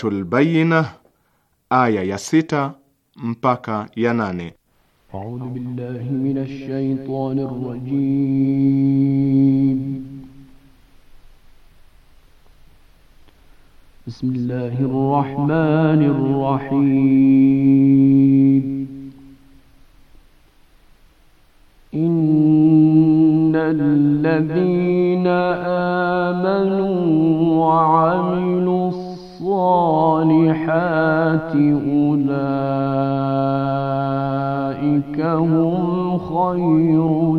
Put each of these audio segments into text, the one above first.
Suratul Bayina aya ya sita mpaka ya nane. A'udhu billahi minash shaitanir rajim. Bismillahir rahmanir rahim. Innal ladhina amanu wa 'amilu الصالحات أولئك هم خير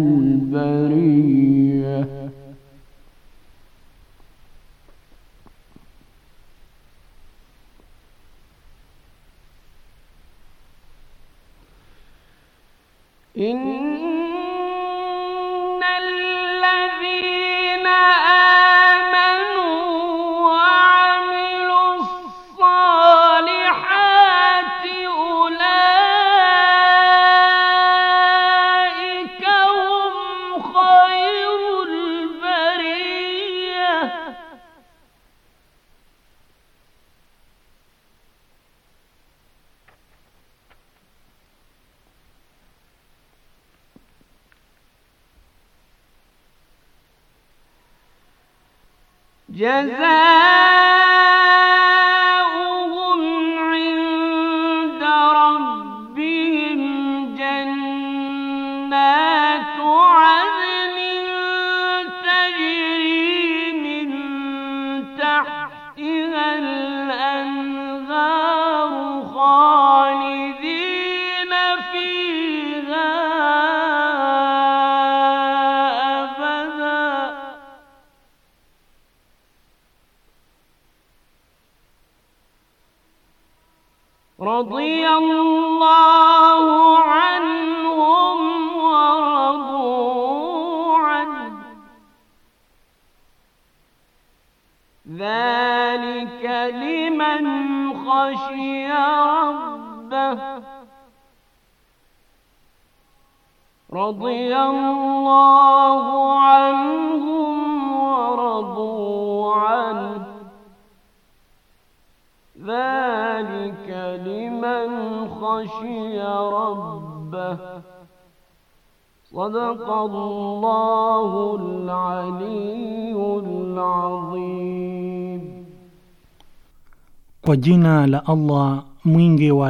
现在。الله عنهم ورضوا عنه ذلك لمن خشي ربه صدق الله العلي العظيم Kwa لالله la Allah mwingi wa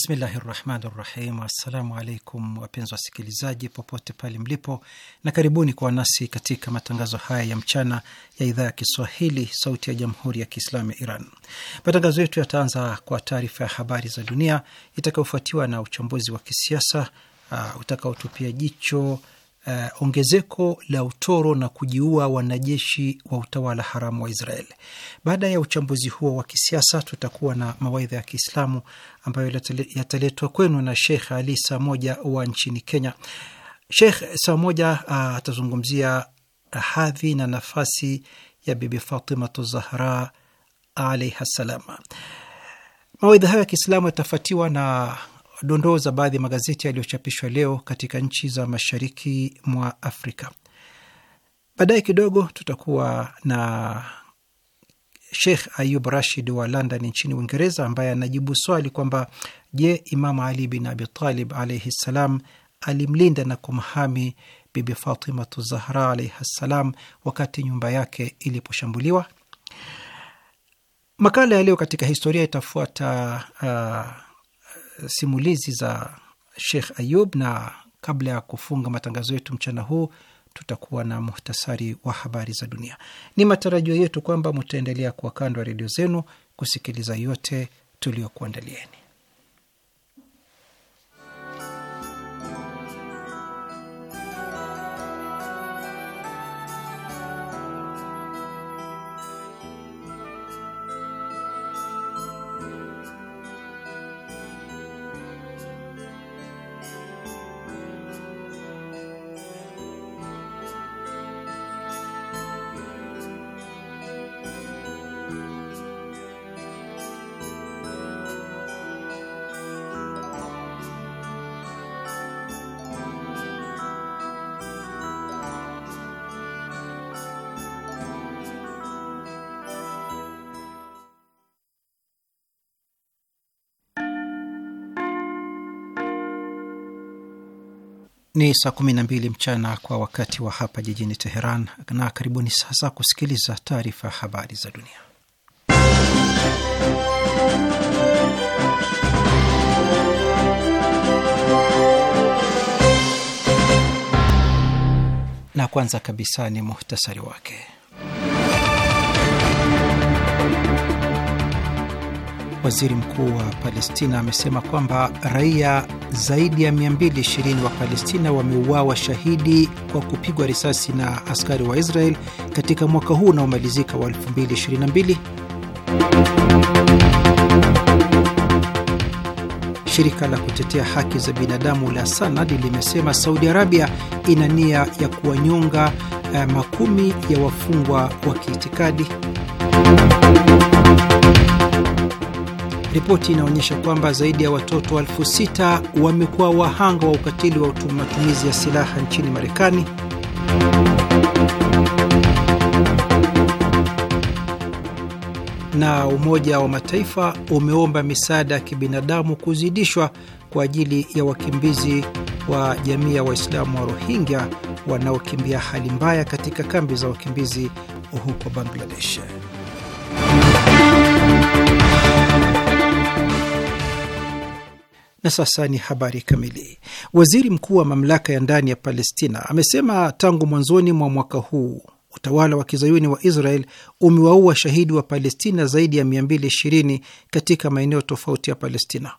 Bismillahi rahmani rahim. Assalamu alaikum wapenzi wasikilizaji popote pale mlipo, na karibuni kwa nasi katika matangazo haya ya mchana ya idhaa ya Kiswahili sauti ya jamhuri ya Kiislamu ya Iran. Matangazo yetu yataanza kwa taarifa ya habari za dunia itakayofuatiwa na uchambuzi wa kisiasa uh, utakaotupia jicho uh, ongezeko la utoro na kujiua wanajeshi wa utawala haramu wa Israel. Baada ya uchambuzi huo wa kisiasa, tutakuwa na mawaidha ya Kiislamu ambayo yataletwa kwenu na Sheikh Ali saa moja wa nchini Kenya. Sheikh saa moja uh, atazungumzia uh, hadhi na nafasi ya Bibi Fatimatu Zahra alaihi ssalam. Mawaidha hayo ya Kiislamu yatafuatiwa na dondoo za baadhi ya magazeti yaliyochapishwa leo katika nchi za mashariki mwa Afrika. Baadaye kidogo tutakuwa na Sheikh Ayub Rashid wa London nchini Uingereza, ambaye anajibu swali kwamba je, Imamu Ali bin Abi Talib alaihi ssalam alimlinda na kumhami Bibi Fatimatu Zahra alaihi ssalam wakati nyumba yake iliposhambuliwa? Makala ya leo katika historia itafuata uh, simulizi za Sheikh Ayub, na kabla ya kufunga matangazo yetu mchana huu tutakuwa na muhtasari wa habari za dunia. Ni matarajio yetu kwamba mutaendelea kuwa kando ya redio zenu kusikiliza yote tuliyokuandalieni. Ni saa 12 mchana kwa wakati wa hapa jijini Teheran, na karibuni sasa kusikiliza taarifa ya habari za dunia. Na kwanza kabisa ni muhtasari wake waziri mkuu wa Palestina amesema kwamba raia zaidi ya 220 wa Palestina wameuawa shahidi kwa kupigwa risasi na askari wa Israel katika mwaka huu unaomalizika wa 2022. Shirika la kutetea haki za binadamu la Sanad limesema Saudi Arabia ina nia ya kuwanyonga eh, makumi ya wafungwa wa kiitikadi. Ripoti inaonyesha kwamba zaidi ya watoto elfu sita wamekuwa wahanga wa ukatili wa matumizi ya silaha nchini Marekani. Na Umoja wa Mataifa umeomba misaada ya kibinadamu kuzidishwa kwa ajili ya wakimbizi wa jamii ya Waislamu wa Rohingya wanaokimbia hali mbaya katika kambi za wakimbizi huko Bangladesh. Na sasa ni habari kamili. Waziri mkuu wa mamlaka ya ndani ya Palestina amesema tangu mwanzoni mwa mwaka huu utawala wa kizayuni wa Israel umewaua shahidi wa Palestina zaidi ya 220 katika maeneo tofauti ya Palestina.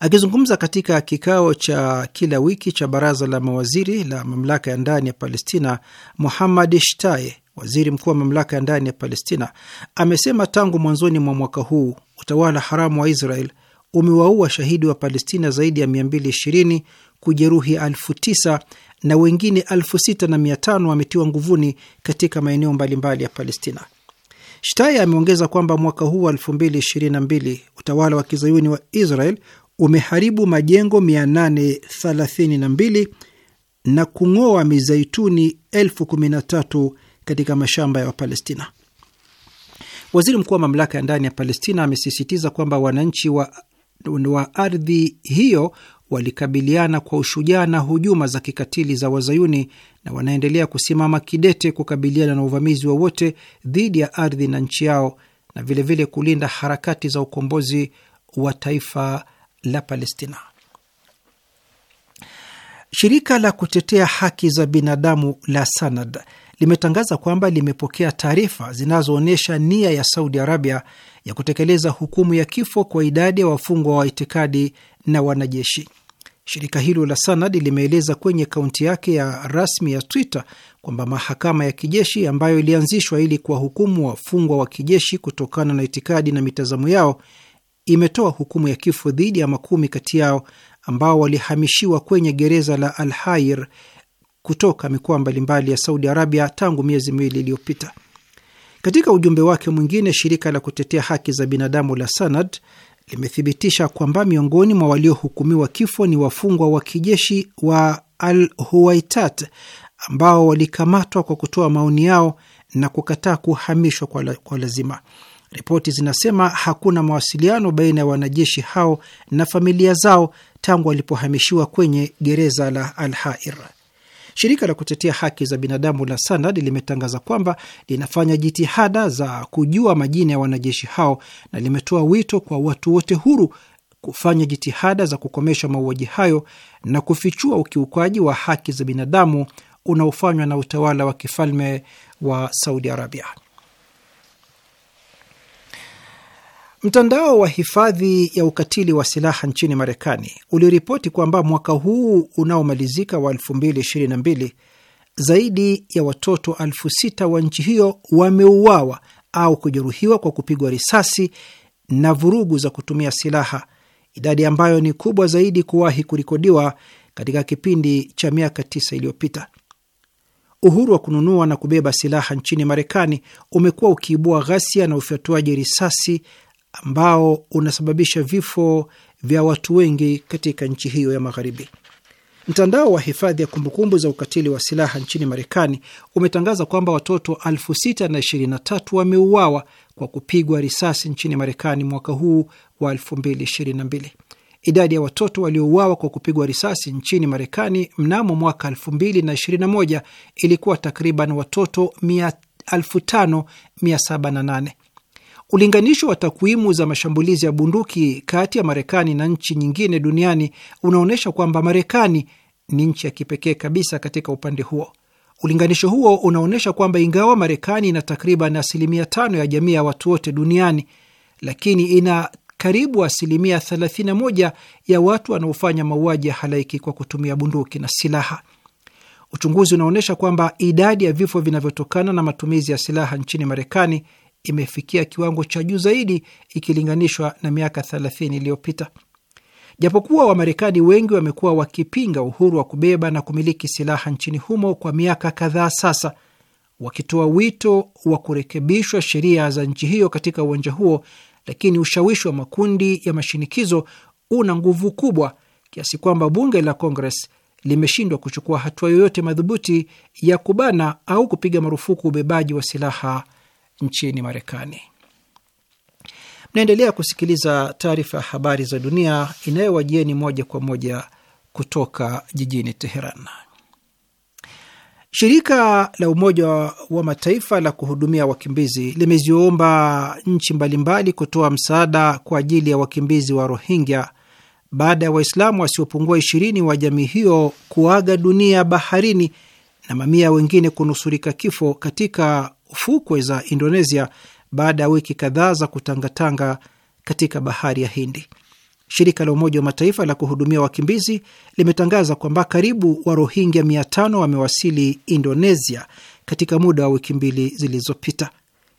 Akizungumza katika kikao cha kila wiki cha baraza la mawaziri la mamlaka ya ndani ya Palestina, Muhammad Shtaye, waziri mkuu wa mamlaka ya ndani ya Palestina, amesema tangu mwanzoni mwa mwaka huu utawala haramu wa Israel umewaua shahidi wa Palestina zaidi ya 220 kujeruhi elfu tisa na wengine elfu sita na mia tano wametiwa nguvuni katika maeneo mbalimbali ya Palestina. Shtaya ameongeza kwamba mwaka huu wa 2022 utawala wa kizayuni wa Israel umeharibu majengo 832 na kung'oa mizeituni elfu kumi na tatu katika mashamba ya Wapalestina. Waziri mkuu wa mamlaka ya ndani ya Palestina amesisitiza kwamba wananchi wa wa ardhi hiyo walikabiliana kwa ushujaa na hujuma za kikatili za Wazayuni na wanaendelea kusimama kidete kukabiliana na uvamizi wowote dhidi ya ardhi na nchi yao na vilevile vile kulinda harakati za ukombozi wa taifa la Palestina. Shirika la kutetea haki za binadamu la Sanad limetangaza kwamba limepokea taarifa zinazoonyesha nia ya Saudi Arabia ya kutekeleza hukumu ya kifo kwa idadi ya wafungwa wa itikadi na wanajeshi. Shirika hilo la Sanad limeeleza kwenye akaunti yake ya rasmi ya Twitter kwamba mahakama ya kijeshi ambayo ilianzishwa ili kuwahukumu wafungwa wa kijeshi kutokana na itikadi na mitazamo yao imetoa hukumu ya kifo dhidi ya makumi kati yao ambao walihamishiwa kwenye gereza la Al kutoka mikoa mbalimbali ya Saudi Arabia tangu miezi miwili iliyopita. Katika ujumbe wake mwingine, shirika la kutetea haki za binadamu la Sanad limethibitisha kwamba miongoni mwa waliohukumiwa kifo ni wafungwa wa kijeshi wa Al Huwaitat ambao walikamatwa kwa kutoa maoni yao na kukataa kuhamishwa kwa, la, kwa lazima. Ripoti zinasema hakuna mawasiliano baina ya wanajeshi hao na familia zao tangu walipohamishiwa kwenye gereza la Al Hair. Shirika la kutetea haki za binadamu la Sanad limetangaza kwamba linafanya jitihada za kujua majina ya wanajeshi hao na limetoa wito kwa watu wote huru kufanya jitihada za kukomesha mauaji hayo na kufichua ukiukwaji wa haki za binadamu unaofanywa na utawala wa kifalme wa Saudi Arabia. Mtandao wa hifadhi ya ukatili wa silaha nchini Marekani uliripoti kwamba mwaka huu unaomalizika wa 2022 zaidi ya watoto elfu sita wa nchi hiyo wameuawa au kujeruhiwa kwa kupigwa risasi na vurugu za kutumia silaha, idadi ambayo ni kubwa zaidi kuwahi kurikodiwa katika kipindi cha miaka tisa iliyopita. Uhuru wa kununua na kubeba silaha nchini Marekani umekuwa ukiibua ghasia na ufyatuaji risasi ambao unasababisha vifo vya watu wengi katika nchi hiyo ya magharibi. Mtandao wa hifadhi ya kumbukumbu za ukatili wa silaha nchini Marekani umetangaza kwamba watoto elfu wameuawa kwa kupigwa risasi nchini Marekani mwaka huu wa 2022. Idadi ya watoto waliouawa kwa kupigwa risasi nchini Marekani mnamo mwaka 2021 ilikuwa takriban watoto 5708 Ulinganisho wa takwimu za mashambulizi ya bunduki kati ya Marekani na nchi nyingine duniani unaonyesha kwamba Marekani ni nchi ya kipekee kabisa katika upande huo. Ulinganisho huo unaonyesha kwamba ingawa Marekani ina takriban asilimia tano ya jamii ya watu wote duniani, lakini ina karibu asilimia 31 ya watu wanaofanya mauaji ya halaiki kwa kutumia bunduki na silaha. Uchunguzi unaonyesha kwamba idadi ya vifo vinavyotokana na matumizi ya silaha nchini Marekani imefikia kiwango cha juu zaidi ikilinganishwa na miaka 30 iliyopita. Japokuwa Wamarekani wengi wamekuwa wakipinga uhuru wa kubeba na kumiliki silaha nchini humo kwa miaka kadhaa sasa, wakitoa wito wa kurekebishwa sheria za nchi hiyo katika uwanja huo, lakini ushawishi wa makundi ya mashinikizo una nguvu kubwa kiasi kwamba bunge la Congress limeshindwa kuchukua hatua yoyote madhubuti ya kubana au kupiga marufuku ubebaji wa silaha nchini Marekani. Mnaendelea kusikiliza taarifa ya habari za dunia inayowajieni moja kwa moja kutoka jijini Teheran. Shirika la Umoja wa Mataifa la kuhudumia wakimbizi limeziomba nchi mbalimbali kutoa msaada kwa ajili ya wakimbizi wa Rohingya baada ya Waislamu wasiopungua ishirini wa jamii hiyo kuaga dunia baharini na mamia wengine kunusurika kifo katika fukwe za Indonesia baada ya wiki kadhaa za kutangatanga katika bahari ya Hindi. Shirika la Umoja wa Mataifa la kuhudumia wakimbizi limetangaza kwamba karibu Rohingya 500 wamewasili Indonesia katika muda wa wiki mbili zilizopita.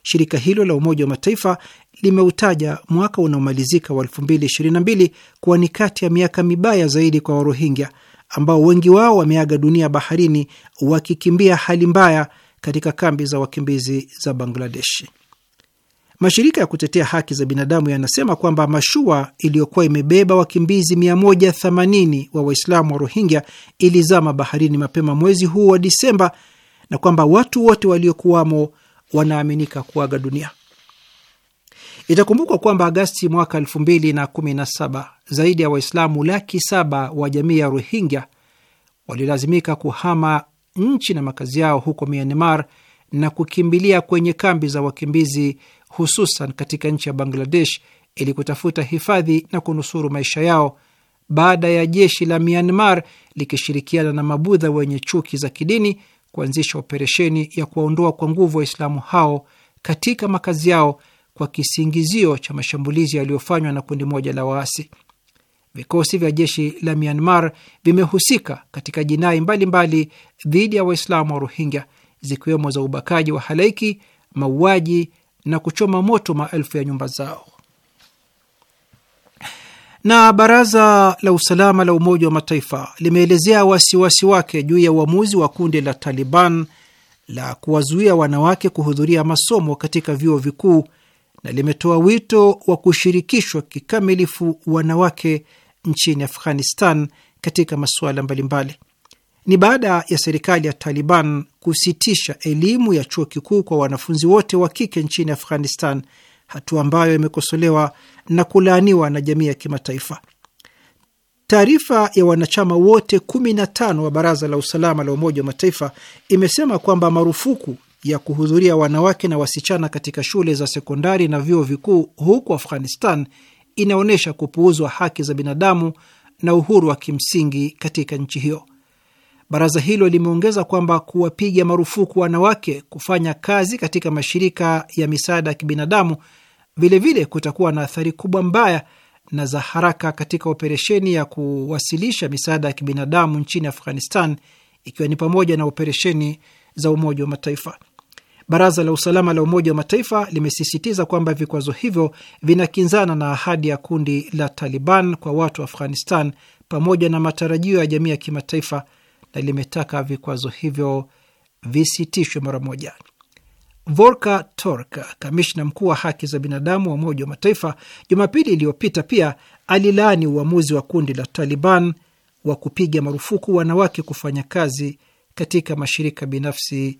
Shirika hilo la Umoja wa Mataifa limeutaja mwaka unaomalizika wa 2022 kuwa ni kati ya miaka mibaya zaidi kwa Warohingya ambao wengi wao wameaga dunia baharini wakikimbia hali mbaya katika kambi za wakimbizi za Bangladesh. Mashirika ya kutetea haki za binadamu yanasema kwamba mashua iliyokuwa imebeba wakimbizi 180 wa Waislamu wa Rohingya ilizama baharini mapema mwezi huu wa Disemba na kwamba watu wote waliokuwamo wanaaminika kuaga dunia. Itakumbukwa kwamba Agasti mwaka saba zaidi ya Waislamu laki saba wa jamii ya Rohingya walilazimika kuhama nchi na makazi yao huko Myanmar na kukimbilia kwenye kambi za wakimbizi hususan katika nchi ya Bangladesh ili kutafuta hifadhi na kunusuru maisha yao baada ya jeshi la Myanmar likishirikiana na mabudha wenye chuki za kidini kuanzisha operesheni ya kuwaondoa kwa nguvu Waislamu hao katika makazi yao kwa kisingizio cha mashambulizi yaliyofanywa na kundi moja la waasi. Vikosi vya jeshi la Myanmar vimehusika katika jinai mbalimbali dhidi ya Waislamu wa Rohingya, zikiwemo za ubakaji wa halaiki, mauaji na kuchoma moto maelfu ya nyumba zao. Na baraza la usalama la Umoja wa Mataifa limeelezea wasiwasi wake juu ya uamuzi wa kundi la Taliban la kuwazuia wanawake kuhudhuria masomo katika vyuo vikuu na limetoa wito wa kushirikishwa kikamilifu wanawake nchini Afghanistan katika masuala mbalimbali. Ni baada ya serikali ya Taliban kusitisha elimu ya chuo kikuu kwa wanafunzi wote wa kike nchini Afghanistan, hatua ambayo imekosolewa na kulaaniwa na jamii ya kimataifa. Taarifa ya wanachama wote 15 wa Baraza la Usalama la Umoja wa Mataifa imesema kwamba marufuku ya kuhudhuria wanawake na wasichana katika shule za sekondari na vyuo vikuu huku Afghanistan inaonyesha kupuuzwa haki za binadamu na uhuru wa kimsingi katika nchi hiyo. Baraza hilo limeongeza kwamba kuwapiga marufuku wanawake kufanya kazi katika mashirika ya misaada ya kibinadamu vilevile kutakuwa na athari kubwa mbaya na za haraka katika operesheni ya kuwasilisha misaada ya kibinadamu nchini Afghanistan, ikiwa ni pamoja na operesheni za Umoja wa Mataifa. Baraza la usalama la Umoja wa Mataifa limesisitiza kwamba vikwazo hivyo vinakinzana na ahadi ya kundi la Taliban kwa watu wa Afghanistan pamoja na matarajio ya jamii ya kimataifa na limetaka vikwazo hivyo visitishwe mara moja. Volker Turk, kamishna mkuu wa haki za binadamu wa Umoja wa Mataifa, Jumapili iliyopita pia alilaani uamuzi wa kundi la Taliban wa kupiga marufuku wanawake kufanya kazi katika mashirika binafsi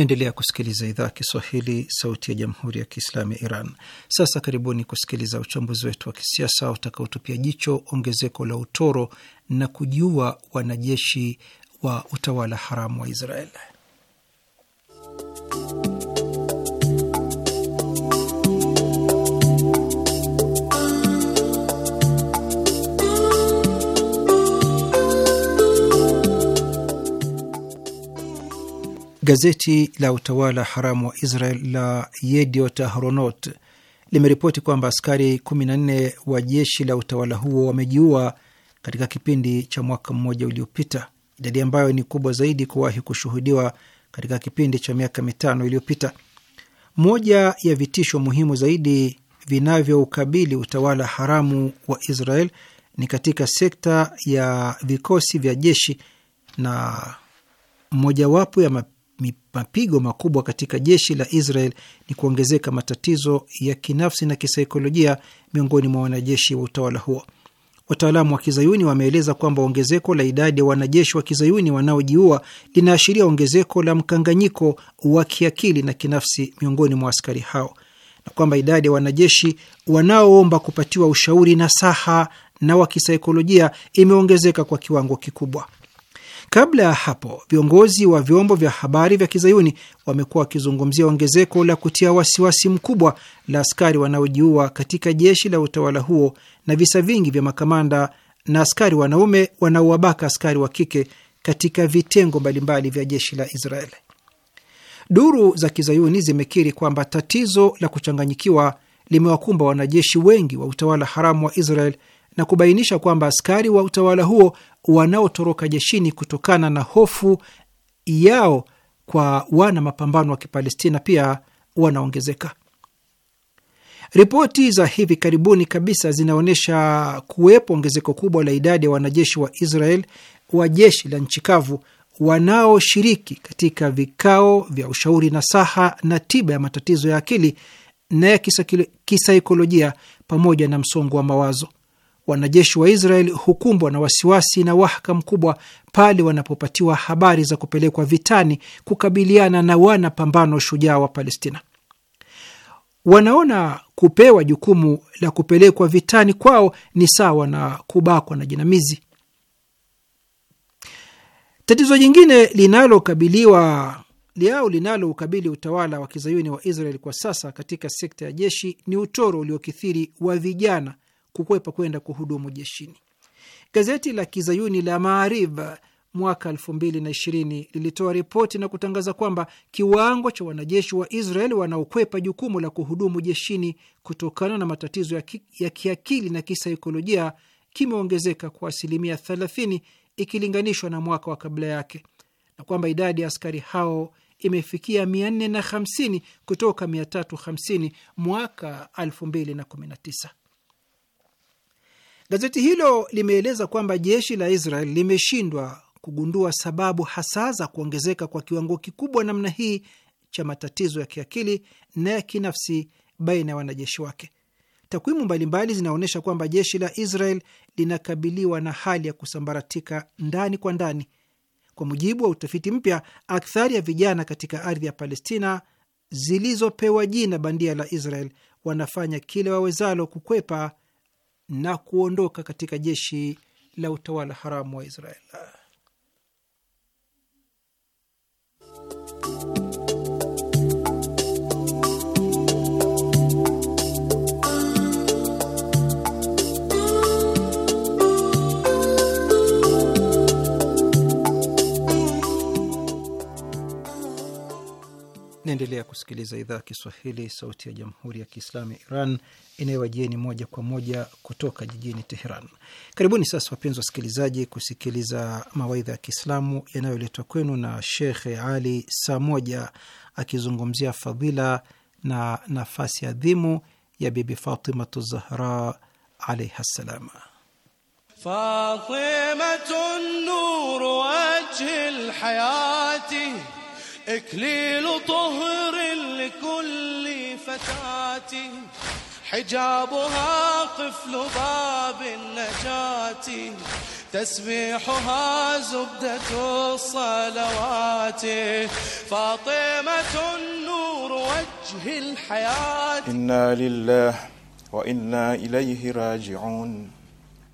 Naendelea kusikiliza idhaa ya Kiswahili, sauti ya jamhuri ya kiislamu ya Iran. Sasa karibuni kusikiliza uchambuzi wetu wa kisiasa utakaotupia jicho ongezeko la utoro na kujiua wanajeshi wa utawala haramu wa Israeli. Gazeti la utawala haramu wa Israel la Yediot Ahronot limeripoti kwamba askari 14 wa jeshi la utawala huo wamejiua katika kipindi cha mwaka mmoja uliopita, idadi ambayo ni kubwa zaidi kuwahi kushuhudiwa katika kipindi cha miaka mitano iliyopita. Moja ya vitisho muhimu zaidi vinavyoukabili utawala haramu wa Israel ni katika sekta ya vikosi vya jeshi na mojawapo ya mapigo makubwa katika jeshi la Israel ni kuongezeka matatizo ya kinafsi na kisaikolojia miongoni mwa wanajeshi wa utawala huo. Wataalamu wa kizayuni wameeleza kwamba ongezeko la idadi ya wanajeshi wa kizayuni wanaojiua linaashiria ongezeko la mkanganyiko wa kiakili na kinafsi miongoni mwa askari hao na kwamba idadi ya wanajeshi wanaoomba kupatiwa ushauri na saha na wa kisaikolojia imeongezeka kwa kiwango kikubwa. Kabla ya hapo, viongozi wa vyombo vya habari vya kizayuni wamekuwa wakizungumzia ongezeko la kutia wasiwasi mkubwa la askari wanaojiua katika jeshi la utawala huo na visa vingi vya makamanda na askari wanaume wanaowabaka askari wa kike katika vitengo mbalimbali vya jeshi la israel Duru za kizayuni zimekiri kwamba tatizo la kuchanganyikiwa limewakumba wanajeshi wengi wa utawala haramu wa Israel na kubainisha kwamba askari wa utawala huo wanaotoroka jeshini kutokana na hofu yao kwa wana mapambano wa Kipalestina pia wanaongezeka. Ripoti za hivi karibuni kabisa zinaonyesha kuwepo ongezeko kubwa la idadi ya wanajeshi wa Israel wa jeshi la nchi kavu wanaoshiriki katika vikao vya ushauri na saha na tiba ya matatizo ya akili na ya kisaikolojia pamoja na msongo wa mawazo. Wanajeshi wa Israel hukumbwa na wasiwasi na wahaka mkubwa pale wanapopatiwa habari za kupelekwa vitani kukabiliana na wanapambano shujaa wa Palestina. Wanaona kupewa jukumu la kupelekwa vitani kwao ni sawa na kubakwa na jinamizi. Tatizo jingine linalokabiliwa liao linaloukabili utawala wa kizayuni wa Israel kwa sasa katika sekta ya jeshi ni utoro uliokithiri wa vijana kukwepa kwenda kuhudumu jeshini. Gazeti la kizayuni la Maarib mwaka 2020 lilitoa ripoti na kutangaza kwamba kiwango cha wanajeshi wa Israel wanaokwepa jukumu la kuhudumu jeshini kutokana na matatizo ya, ki, ya kiakili na kisaikolojia kimeongezeka kwa asilimia 30 ikilinganishwa na mwaka wa kabla yake na kwamba idadi ya askari hao imefikia 450 kutoka 350 mwaka 2019. Gazeti hilo limeeleza kwamba jeshi la Israel limeshindwa kugundua sababu hasa za kuongezeka kwa kiwango kikubwa namna hii cha matatizo ya kiakili na ya kinafsi baina ya wanajeshi wake. Takwimu mbalimbali zinaonyesha kwamba jeshi la Israel linakabiliwa na hali ya kusambaratika ndani kwa ndani. Kwa mujibu wa utafiti mpya, akthari ya vijana katika ardhi ya Palestina zilizopewa jina bandia la Israel wanafanya kile wawezalo kukwepa na kuondoka katika jeshi la utawala haramu wa Israel. Naendelea kusikiliza idhaa ya Kiswahili, sauti ya jamhuri ya kiislamu ya Iran inayowajieni moja kwa moja kutoka jijini Teheran. Karibuni sasa, wapenzi wasikilizaji, kusikiliza mawaidha ya Kiislamu yanayoletwa kwenu na shekhe Ali saa moja akizungumzia fadhila na nafasi adhimu ya Bibi Fatimatu Zahra alaiha ssalam. Fatimatu nuru wajhi lhayati إكليل طهر لكل فتاة حجابها قفل باب النجاة تسبيحها زبدة الصلوات فاطمة النور وجه الحياة إنا لله وإنا إليه راجعون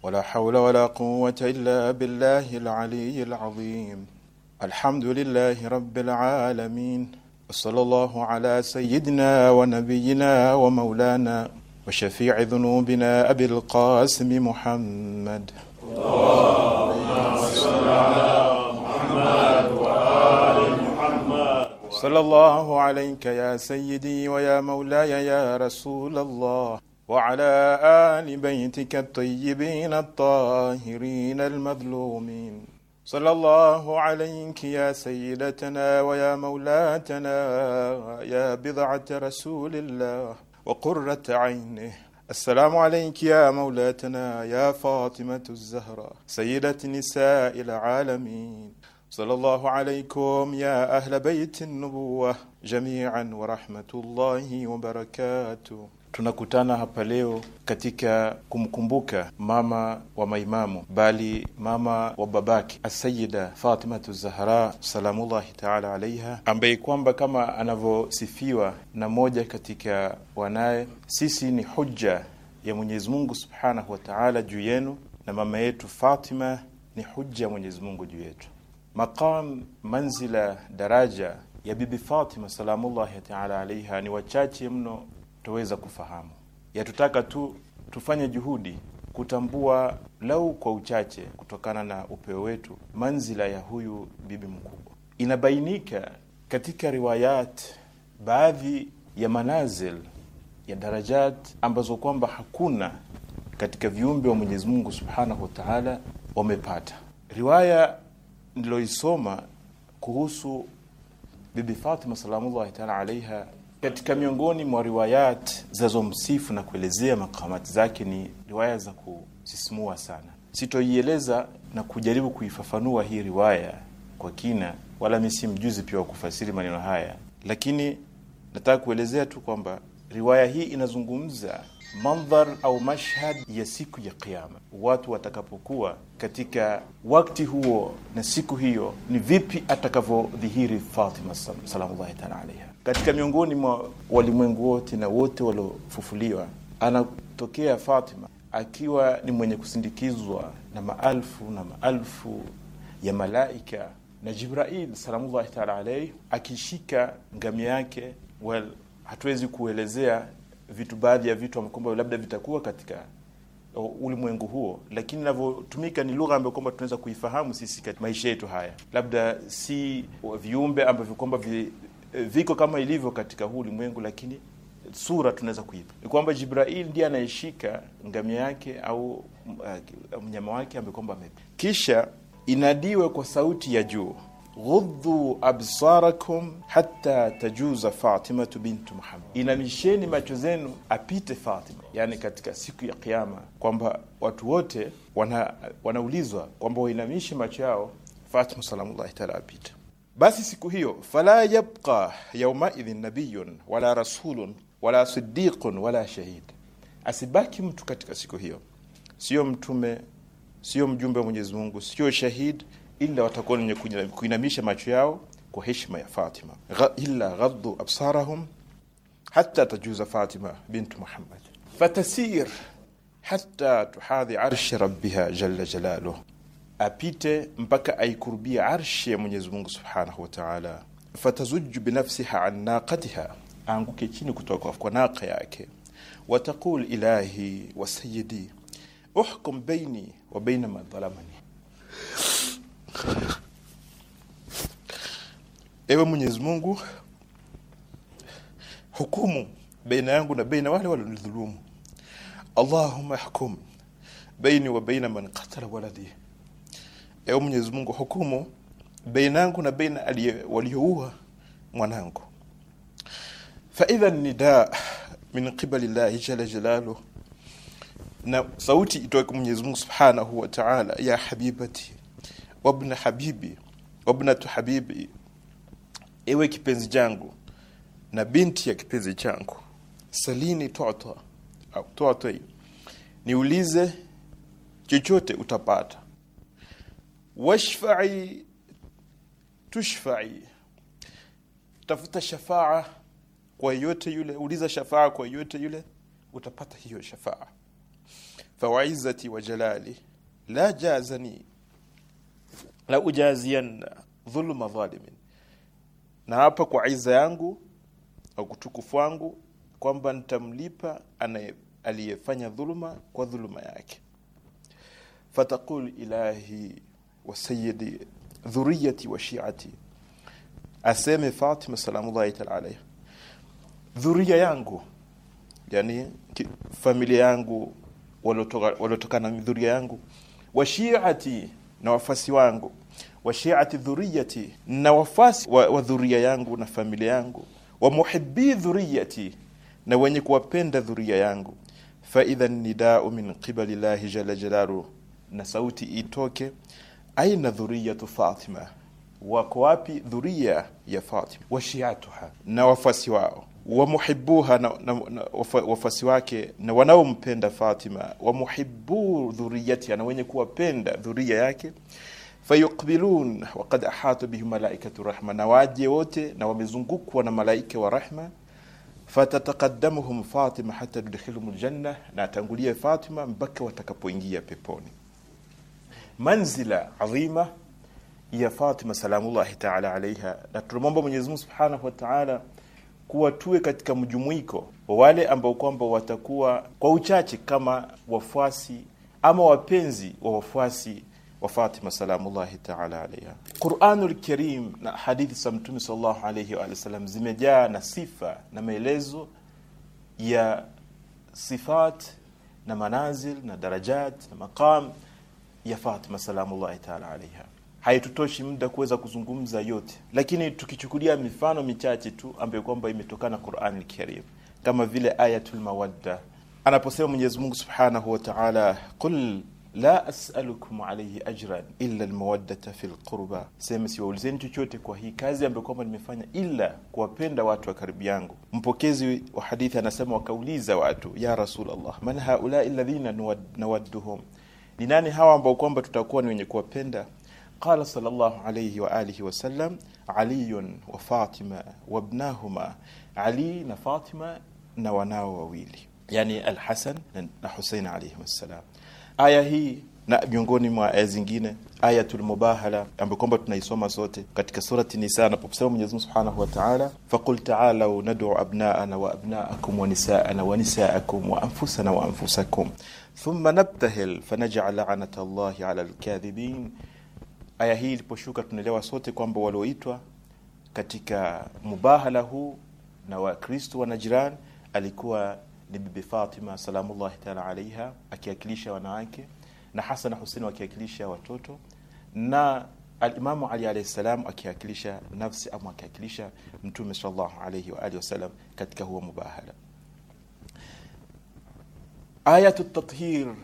ولا حول ولا قوة إلا بالله العلي العظيم الحمد لله رب العالمين وصلى الله على سيدنا ونبينا ومولانا وشفيع ذنوبنا أبي القاسم محمد اللهم صل على محمد وآل محمد صلى الله عليك يا سيدي ويا مولاي يا رسول الله وعلى آل بيتك الطيبين الطاهرين المظلومين صلى الله عليك يا سيدتنا ويا مولاتنا يا بضعة رسول الله وقرة عينه السلام عليك يا مولاتنا يا فاطمة الزهرة سيدة نساء العالمين صلى الله عليكم يا أهل بيت النبوة جميعا ورحمة الله وبركاته tunakutana hapa leo katika kumkumbuka mama wa maimamu, bali mama wa babake Asayida Fatimatu Zahra salamullahi taala alaiha, ambaye kwamba kama anavyosifiwa na moja katika wanaye, sisi ni hujja ya Mwenyezi Mungu subhanahu wa taala juu yenu, na mama yetu Fatima ni hujja ya Mwenyezi Mungu juu yetu. Maqam, manzila, daraja ya Bibi Fatima salamullahi taala alaiha ni wachache mno tutaweza kufahamu. Yatutaka tu tufanye juhudi kutambua lau kwa uchache, kutokana na upeo wetu, manzila ya huyu bibi mkubwa. Inabainika katika riwayat baadhi ya manazil ya darajat ambazo kwamba hakuna katika viumbe wa Mwenyezi Mungu subhanahu wa taala wamepata. Riwaya niloisoma kuhusu Bibi Fatima salamullahi taala alaiha katika miongoni mwa riwayat zinazomsifu na kuelezea makamati zake ni riwaya za kusisimua sana. Sitoieleza na kujaribu kuifafanua hii riwaya kwa kina, wala mi si mjuzi pia wa kufasiri maneno haya, lakini nataka kuelezea tu kwamba riwaya hii inazungumza mandhar au mashhad ya siku ya kiama watu watakapokuwa katika wakti huo na siku hiyo, ni vipi atakavyodhihiri Fatima salamullahi taala alaiha katika miongoni mwa walimwengu wote na wote waliofufuliwa, anatokea Fatima akiwa ni mwenye kusindikizwa na maalfu na maalfu ya malaika na Jibrail salamullahi taala alaihi akishika ngamia yake. Well, hatuwezi kuelezea vitu baadhi ya vitu kwamba labda vitakuwa katika ulimwengu huo, lakini inavyotumika ni lugha ambayo kwamba tunaweza kuifahamu sisi katika maisha yetu haya, labda si viumbe ambavyo kwamba Eh, viko kama ilivyo katika huu ulimwengu, lakini sura tunaweza kuipa ni kwamba Jibrail ndiye anayeshika ngamia yake au uh, mnyama wake ambaye kwamba kisha inadiwe kwa sauti ya juu, ghuddu absarakum hatta tajuza Fatimatu bintu Muhammad, inamisheni macho zenu apite Fatima. Yani katika siku ya Kiyama kwamba watu wote wana, wanaulizwa kwamba wainamishe macho yao Fatima salamullahi taala apite basi siku hiyo fala yabqa yaumaidhin nabiyun wala rasulun wala sidiqun wala shahid, asibaki mtu katika siku hiyo, sio mtume, sio mjumbe wa Mwenyezi Mungu, sio shahid, ila watakuwa wenye kuinamisha macho yao kwa heshima ya Fatima, illa ghaddu absarahum hatta tajuza Fatima bint Muhammad fatasir hatta tuhadhi arshi rabbiha jalla jalaluhu apite mpaka aikurubia arshi ya Mwenyezi Mungu subhanahu wa taala. Fatazuju binafsiha an naqatiha, aanguke chini kutoka kwa naqa yake. Wataqul ilahi wa sayidi uhkum baini wa baina madhalamani, ewe Mwenyezi Mungu, hukumu baina yangu na baina wale walionidhulumu. Allahumma hukum baini wa baina man qatala waladi Ewe Mwenyezi Mungu, hukumu baina yangu na baina walioua mwanangu. Fa idha nidaa min qibali llahi jalla jalalu na sauti itoke Mwenyezi Mungu Subhanahu wa Ta'ala, ya habibati wabna habibi wabnatu habibi, ewe kipenzi changu na binti ya kipenzi changu. Salini tuta au tuta, niulize chochote utapata washfa'i tushfa'i tafuta shafaa kwa yote yule uliza shafaa kwa yote yule utapata hiyo shafaa fawaizati wa jalali la jazani la ujazianna dhulma zalimin na hapa kwa iza yangu au kutukufu wangu kwamba nitamlipa aliyefanya dhuluma kwa dhuluma yake fatakul ilahi wa sayyidi dhuriyati wa shiati, aseme Fatima salamullahi taala alayha, dhuria yangu, yani familia yangu walotoka na dhuria yangu, wa shiati, na wafasi wangu, wa shiati dhuriyati, na wafasi wa, wa dhuria yangu na familia yangu, wa muhibbi dhuriyati, na wenye kuwapenda dhuria yangu faidha nidau min qibali llahi jala jalalu, na sauti itoke aina dhuriyatu Fatima, wako wapi dhuria ya Fatima? Washiatuha, na wafuasi wao wamuhibuha na, na, na wafuasi wake na wanaompenda Fatima, wamuhibu dhuriyatiha, na wenye kuwapenda dhuria yake. Fayuqbilun wakad ahata bihim malaikatu rahma, na waje wote na wamezungukwa na malaika wa rahma. Fatataqaddamuhum Fatima hata tudkhilhum ljanna, na atangulie Fatima mpaka watakapoingia peponi manzila adhima ya Fatima salamullahi ta'ala alaiha, na tunamwomba Mwenyezi Mungu Subhanahu wa Ta'ala kuwa tuwe katika mjumuiko wa wale ambao kwamba watakuwa kwa uchache kama wafuasi ama wapenzi wa wafuasi wa Fatima salamullahi ta'ala alaiha. Qur'anul Karim na hadithi za Mtume sallallahu alayhi wa sallam zimejaa na sifa na maelezo ya sifat na manazil na darajat na maqam ya Fatima salamullahi taala alaiha. Haitutoshi muda kuweza kuzungumza yote, lakini tukichukulia mifano michache tu ambayo kwamba imetokana Qurani Karim, kama vile ayatul mawadda anaposema Mwenyezi Mungu subhanahu wa taala, qul la as'alukum alaihi ajran illa lmawaddata fi lqurba, sema siwaulizeni chochote kwa hii kazi ambayo kwamba nimefanya ila kuwapenda watu wa karibu yangu. Mpokezi wa hadithi anasema wakauliza watu, ya Rasulullah, man haulai ladhina nawadduhum ni nani hawa ambao kwamba tutakuwa ni wenye kuwapenda qala sallallahu alayhi wa alihi wa sallam aliyun wa fatima wa ibnahuma ali na fatima na wanao wawili yani alhasan na husein alayhi wasallam aya hii na miongoni mwa aya zingine ayatul mubahala ambayo kwamba tunaisoma sote katika surati nisa anaposema Mwenyezi Mungu Subhanahu wa Ta'ala faqul ta'alu nad'u abna'ana wa abna'akum wa nisa'ana wa nisa'akum wa anfusana wa anfusakum thumma nabtahil fanaj'al lanat Allahi 'ala lkadhibin Aya hii iliposhuka, tunaelewa sote kwamba walioitwa katika mubahala huu na Wakristo wa Najran alikuwa ni Bibi Fatima salamullahi taala alaiha, akiwakilisha wanawake na Hasan na Husein wakiwakilisha watoto na Alimamu Ali alaihi salam akiwakilisha nafsi ama akiakilisha Mtume sallallahu alaihi wa alihi wasallam katika huo mubahala ayatu tathir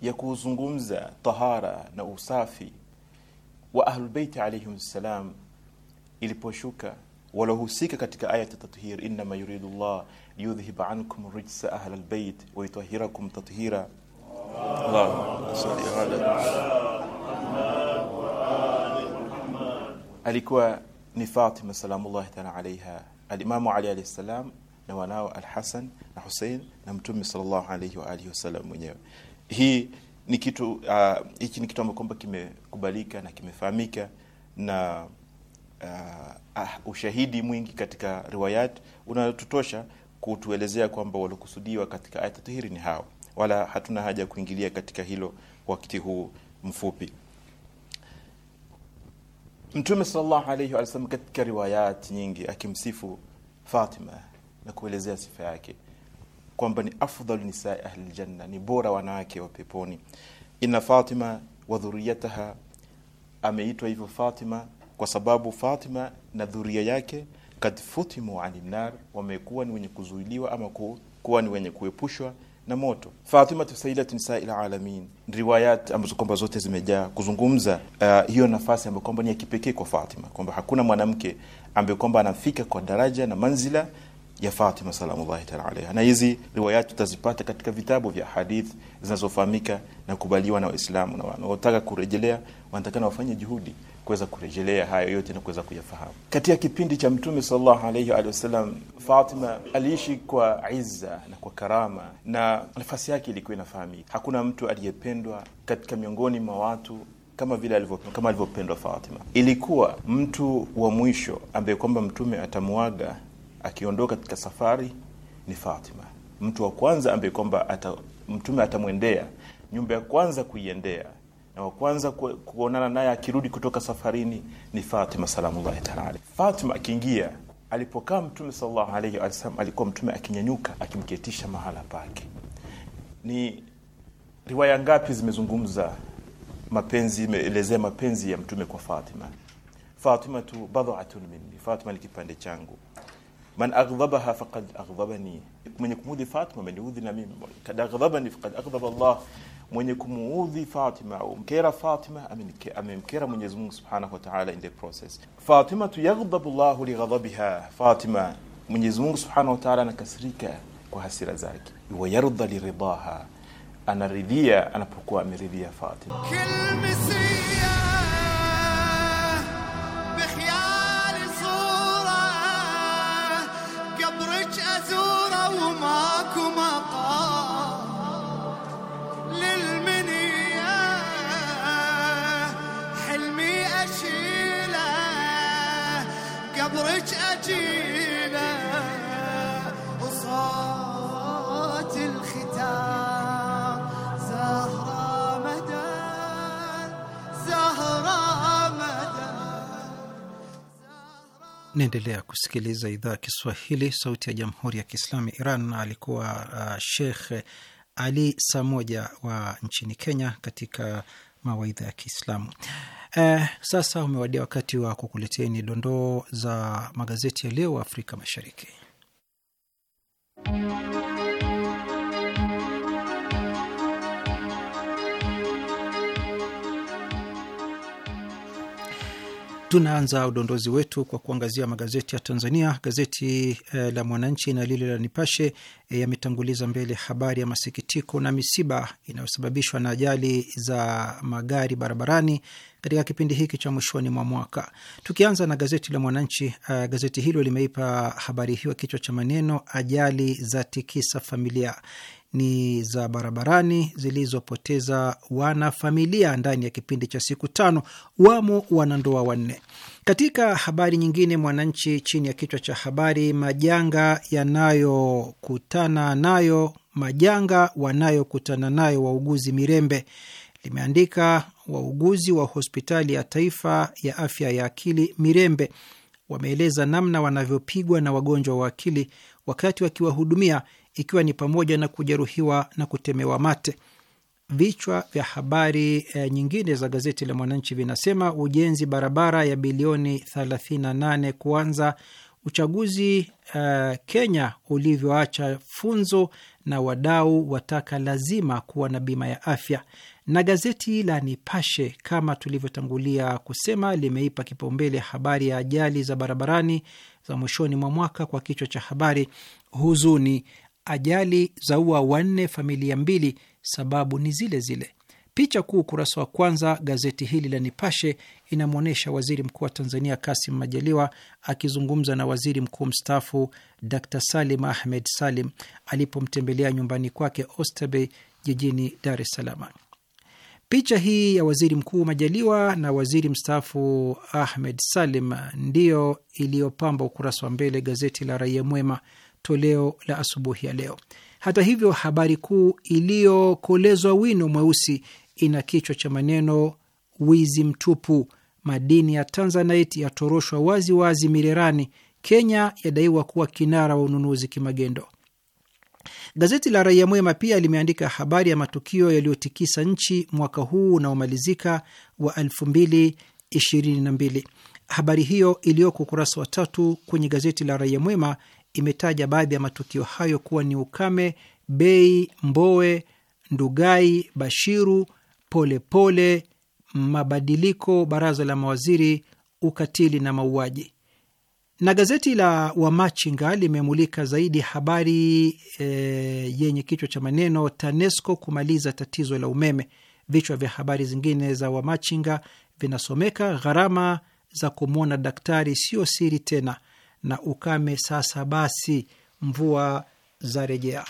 ya kuzungumza tahara na usafi wa ahlulbeiti alaihim ssalam iliposhuka walohusika katika ayat tathir innama yuridu llah liyudhhiba ankum rijsa ahla lbeit wayutahirakum tathira alikuwa ni fatima salamullahi taala alaiha alimamu ali alaihi ssalam na wanao Alhasan na Husein na Mtume sallallahu alayhi wa alihi wasallam mwenyewe. Hii ni kitu ah, hichi, uh, ni kitu ambacho kwamba kimekubalika na kimefahamika na uh, uh, ushahidi mwingi katika riwayat unatutosha kutuelezea kwamba waliokusudiwa katika aya tatahiri ni hao, wala hatuna haja ya kuingilia katika hilo wakati huu mfupi. Mtume sallallahu alayhi wasallam katika riwayat nyingi akimsifu Fatima na kuelezea sifa yake kwamba ni afdhalu nisai ahli ljanna, ni bora wanawake wa peponi. ina Fatima wa dhuriyataha, ameitwa hivyo Fatima kwa sababu Fatima na dhuria yake kad futimu ani nar, wamekuwa ni wenye kuzuiliwa ama ku, kuwa ni wenye kuepushwa na moto. Fatima tusailat nisai lalamin riwayat ambazo kwamba zote zimejaa kuzungumza uh, hiyo nafasi ambayo kwamba ni ya kipekee kwa Fatima, kwamba hakuna mwanamke ambaye kwamba anafika kwa daraja na manzila ya Fatima salamullahi taala alaiha. Na hizi riwayati tutazipata katika vitabu vya hadithi zinazofahamika na kubaliwa na Waislamu, na wanaotaka kurejelea wanatakana wafanye juhudi kuweza kurejelea hayo yote na kuweza kuyafahamu. Katika kipindi cha Mtume sallallahu alaihi wa wasallam, Fatima aliishi kwa izza na kwa karama, na nafasi yake ilikuwa inafahamika. Hakuna mtu aliyependwa katika miongoni mwa watu kama vile kama alivyopendwa Fatima. Ilikuwa mtu wa mwisho ambaye kwamba Mtume atamuaga akiondoka katika safari ni Fatima, mtu wa kwanza ambaye kwamba ata, mtume atamwendea nyumba ya kwanza kuiendea na wa kwanza kuonana naye akirudi kutoka safarini ni Fatima salamullahi taala alayhi. Fatima akiingia alipokaa mtume sallallahu alayhi wasallam, alikuwa mtume akinyanyuka akimketisha mahala pake. Ni riwaya ngapi zimezungumza mapenzi, imeelezea mapenzi ya mtume kwa Fatima. Fatimatu badhatun minni, Fatima ni kipande changu man aghdhabaha faqad aghdhabani, mwenye kumuudhi Fatima ameniudhi na mimi. Kad aghdhabani faqad aghdhaba Allah, mwenye kumuudhi Fatima au mkera Fatima amemkera Mwenyezi Mungu Subhanahu wa in the process. Fatima yaghdhabu Allah li Fatima Mwenyezi Mungu Subhanahu wa anakasirika kwa hasira zake. Wa yarda anaridhia anapokuwa ameridhia Fatima Naendelea kusikiliza idhaa Kiswahili, sauti ya jamhuri ya kiislamu ya Iran. Alikuwa uh, Shekh Ali Samoja wa nchini Kenya katika mawaidha ya Kiislamu. Eh, sasa umewadia wakati wa kukuleteni dondoo za magazeti ya leo Afrika Mashariki. Tunaanza udondozi wetu kwa kuangazia magazeti ya Tanzania. Gazeti eh, la Mwananchi na lile la Nipashe eh, yametanguliza mbele habari ya masikitiko na misiba inayosababishwa na ajali za magari barabarani katika kipindi hiki cha mwishoni mwa mwaka. Tukianza na gazeti la Mwananchi, uh, gazeti hilo limeipa habari hiyo kichwa cha maneno, ajali za tikisa familia ni za barabarani zilizopoteza wanafamilia ndani ya kipindi cha siku tano, wamo wanandoa wanne. Katika habari nyingine, Mwananchi chini ya kichwa cha habari majanga yanayokutana nayo majanga wanayokutana nayo wauguzi Mirembe, limeandika wauguzi wa hospitali ya taifa ya afya ya akili Mirembe wameeleza namna wanavyopigwa na wagonjwa wa akili wakati wakiwahudumia ikiwa ni pamoja na kujeruhiwa na kutemewa mate. Vichwa vya habari e, nyingine za gazeti la Mwananchi vinasema ujenzi barabara ya bilioni 38 kuanza, uchaguzi uh, Kenya ulivyoacha funzo, na wadau wataka lazima kuwa na bima ya afya. Na gazeti la Nipashe kama tulivyotangulia kusema limeipa kipaumbele habari ya ajali za barabarani za mwishoni mwa mwaka kwa kichwa cha habari huzuni, ajali za ua wanne familia mbili, sababu ni zile zile. Picha kuu ukurasa wa kwanza gazeti hili la Nipashe inamwonyesha waziri mkuu wa Tanzania Kasim Majaliwa akizungumza na waziri mkuu mstaafu Dr Salim Ahmed Salim alipomtembelea nyumbani kwake Oysterbay jijini Dar es Salaam. Picha hii ya waziri mkuu Majaliwa na waziri mstaafu Ahmed Salim ndiyo iliyopamba ukurasa wa mbele gazeti la Raia Mwema toleo la asubuhi ya leo. Hata hivyo, habari kuu iliyokolezwa wino mweusi ina kichwa cha maneno wizi mtupu, madini ya tanzanite yatoroshwa wazi wazi Mirerani, Kenya yadaiwa kuwa kinara wa ununuzi kimagendo. Gazeti la Raia Mwema pia limeandika habari ya matukio yaliyotikisa nchi mwaka huu unaomalizika wa 2022. Habari hiyo iliyoko ukurasa wa tatu kwenye gazeti la Raia Mwema imetaja baadhi ya matukio hayo kuwa ni ukame, Bei, Mbowe, Ndugai, Bashiru, Polepole pole, mabadiliko, baraza la mawaziri, ukatili na mauaji. Na gazeti la Wamachinga limemulika zaidi habari e, yenye kichwa cha maneno TANESCO kumaliza tatizo la umeme. Vichwa vya habari zingine za Wamachinga vinasomeka gharama za kumwona daktari sio siri tena, na ukame. Sasa basi, mvua za rejea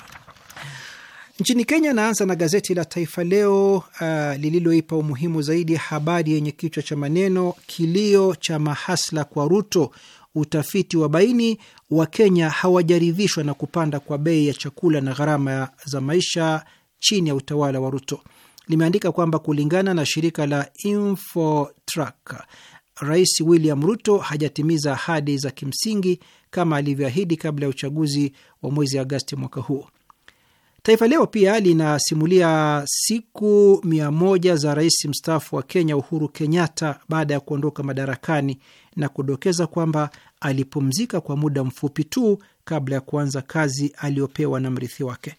nchini Kenya. Naanza na gazeti la Taifa Leo uh, lililoipa umuhimu zaidi habari yenye kichwa cha maneno kilio cha mahasla kwa Ruto, utafiti wa baini wa Kenya hawajaridhishwa na kupanda kwa bei ya chakula na gharama za maisha chini ya utawala wa Ruto. Limeandika kwamba kulingana na shirika la Infotrak, Rais William Ruto hajatimiza ahadi za kimsingi kama alivyoahidi kabla ya uchaguzi wa mwezi Agasti mwaka huu. Taifa Leo pia linasimulia siku mia moja za rais mstaafu wa Kenya Uhuru Kenyatta baada ya kuondoka madarakani na kudokeza kwamba alipumzika kwa muda mfupi tu kabla ya kuanza kazi aliyopewa na mrithi wake.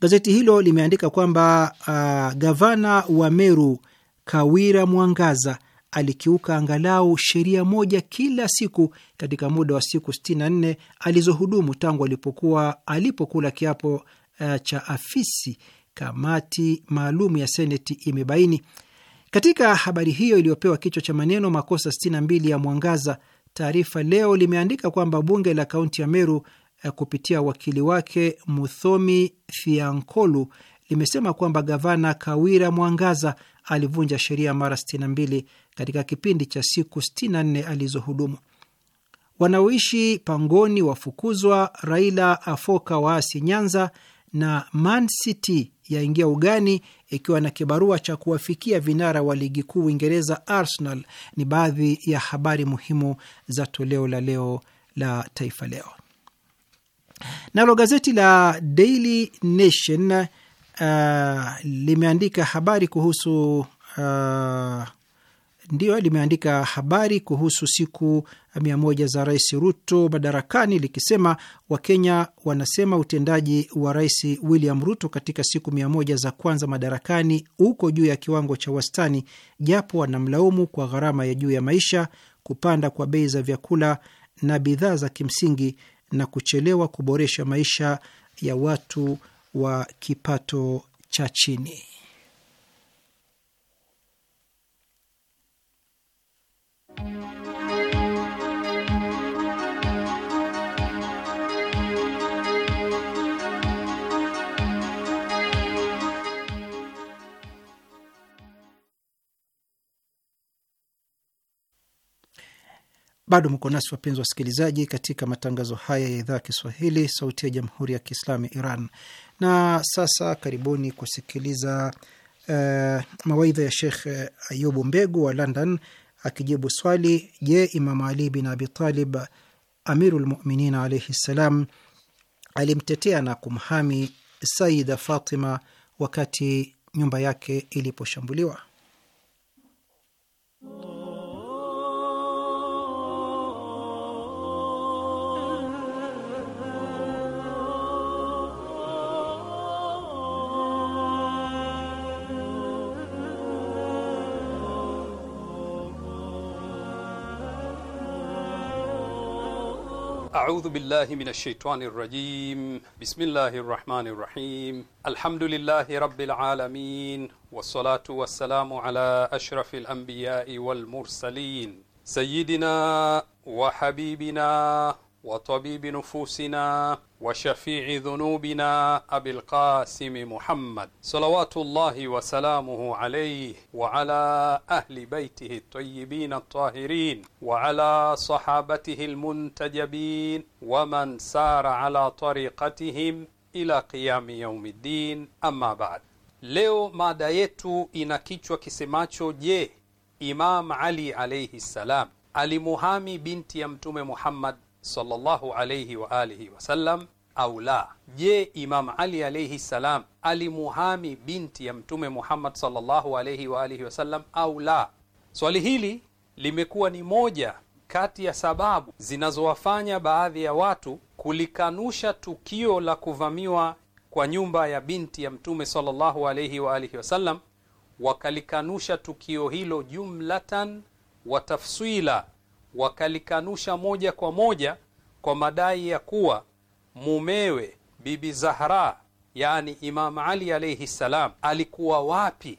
Gazeti hilo limeandika kwamba uh, gavana wa Meru Kawira Mwangaza alikiuka angalau sheria moja kila siku katika muda wa siku 64 alizohudumu tangu alipokuwa alipokula kiapo uh, cha afisi, kamati maalum ya seneti imebaini. Katika habari hiyo iliyopewa kichwa cha maneno makosa 62 ya Mwangaza, Taarifa Leo limeandika kwamba bunge la kaunti ya Meru uh, kupitia wakili wake Muthomi Thiankolu limesema kwamba gavana Kawira Mwangaza alivunja sheria mara 62 katika kipindi cha siku 64 alizohudumu. Wanaoishi pangoni wafukuzwa, Raila afoka waasi Nyanza, na Man City yaingia ugani ikiwa na kibarua cha kuwafikia vinara wa ligi kuu Uingereza, Arsenal. Ni baadhi ya habari muhimu za toleo la leo la Taifa Leo. Nalo gazeti la Daily Nation uh, limeandika habari kuhusu uh, ndiyo limeandika habari kuhusu siku mia moja za Rais Ruto madarakani likisema Wakenya wanasema utendaji wa Rais William Ruto katika siku mia moja za kwanza madarakani uko juu ya kiwango cha wastani, japo wanamlaumu kwa gharama ya juu ya maisha, kupanda kwa bei za vyakula na bidhaa za kimsingi na kuchelewa kuboresha maisha ya watu wa kipato cha chini. Bado mko nasi wapenzi wasikilizaji, katika matangazo haya ya idhaa ya Kiswahili, sauti ya jamhuri ya kiislamu ya Iran. Na sasa karibuni kusikiliza uh, mawaidha ya Shekh eh, Ayubu Mbegu wa London akijibu swali, je, Imam Ali bin Abitalib amirulmuminin alaihi ssalam alimtetea na kumhami Sayida Fatima wakati nyumba yake iliposhambuliwa? أعوذ بالله من الشيطان الرجيم بسم الله الرحمن الرحيم الحمد لله رب العالمين والصلاة والسلام على أشرف الأنبياء والمرسلين سيدنا وحبيبنا وطبيب نفوسنا وشفيع ذنوبنا أبي القاسم محمد صلوات الله وسلامه عليه وعلى أهل بيته الطيبين الطاهرين وعلى صحابته المنتجبين ومن سار على طريقتهم إلى قيام يوم الدين أما بعد Leo mada yetu ina kichwa kisemacho je, Imam Ali alaihi ssalam alimuhami binti ya Mtume Muhammad sallallahu alayhi wa alihi wasallam au la? Je, Imam Ali alayhi salam alimuhami binti ya Mtume Muhammad sallallahu alayhi wa alihi wasallam au la? Swali hili limekuwa ni moja kati ya sababu zinazowafanya baadhi ya watu kulikanusha tukio la kuvamiwa kwa nyumba ya binti ya Mtume sallallahu alayhi wa alihi wasallam, wakalikanusha tukio hilo jumlatan wa tafsila wakalikanusha moja kwa moja kwa madai ya kuwa mumewe Bibi Zahra, yani Imam Ali alaihi ssalam, alikuwa wapi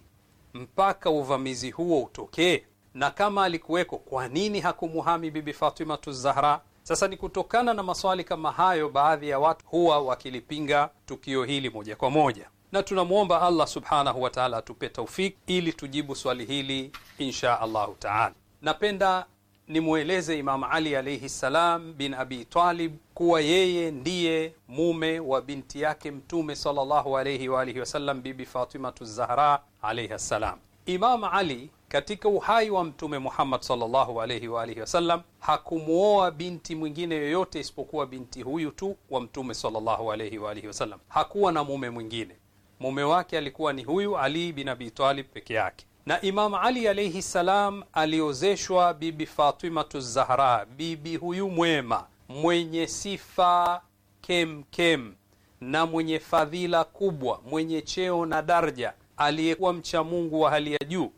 mpaka uvamizi huo utokee? Na kama alikuweko, kwa nini hakumuhami Bibi Fatimatu Zahra? Sasa ni kutokana na maswali kama hayo, baadhi ya watu huwa wakilipinga tukio hili moja kwa moja, na tunamwomba Allah subhanahu wataala atupe taufik ili tujibu swali hili insha Allahu taala. Napenda nimweleze Imam Ali alaihi salam bin Abi Talib kuwa yeye ndiye mume wa binti yake Mtume sallallahu alaihi wa alihi wasallam, Bibi Fatimatu Zahra alaihi salam. Imam Ali katika uhai wa Mtume Muhammad sallallahu alaihi wa alihi wasallam hakumwoa binti mwingine yoyote isipokuwa binti huyu tu wa Mtume sallallahu alaihi wa alihi wasallam. Hakuwa na mume mwingine. Mume wake alikuwa ni huyu Ali bin Abi Talib peke yake na Imam Ali alayhi salam aliozeshwa Bibi Fatimatu Zahra, bibi huyu mwema mwenye sifa kem kem na mwenye fadhila kubwa, mwenye cheo na darja, aliyekuwa mcha Mungu wa hali ya juu.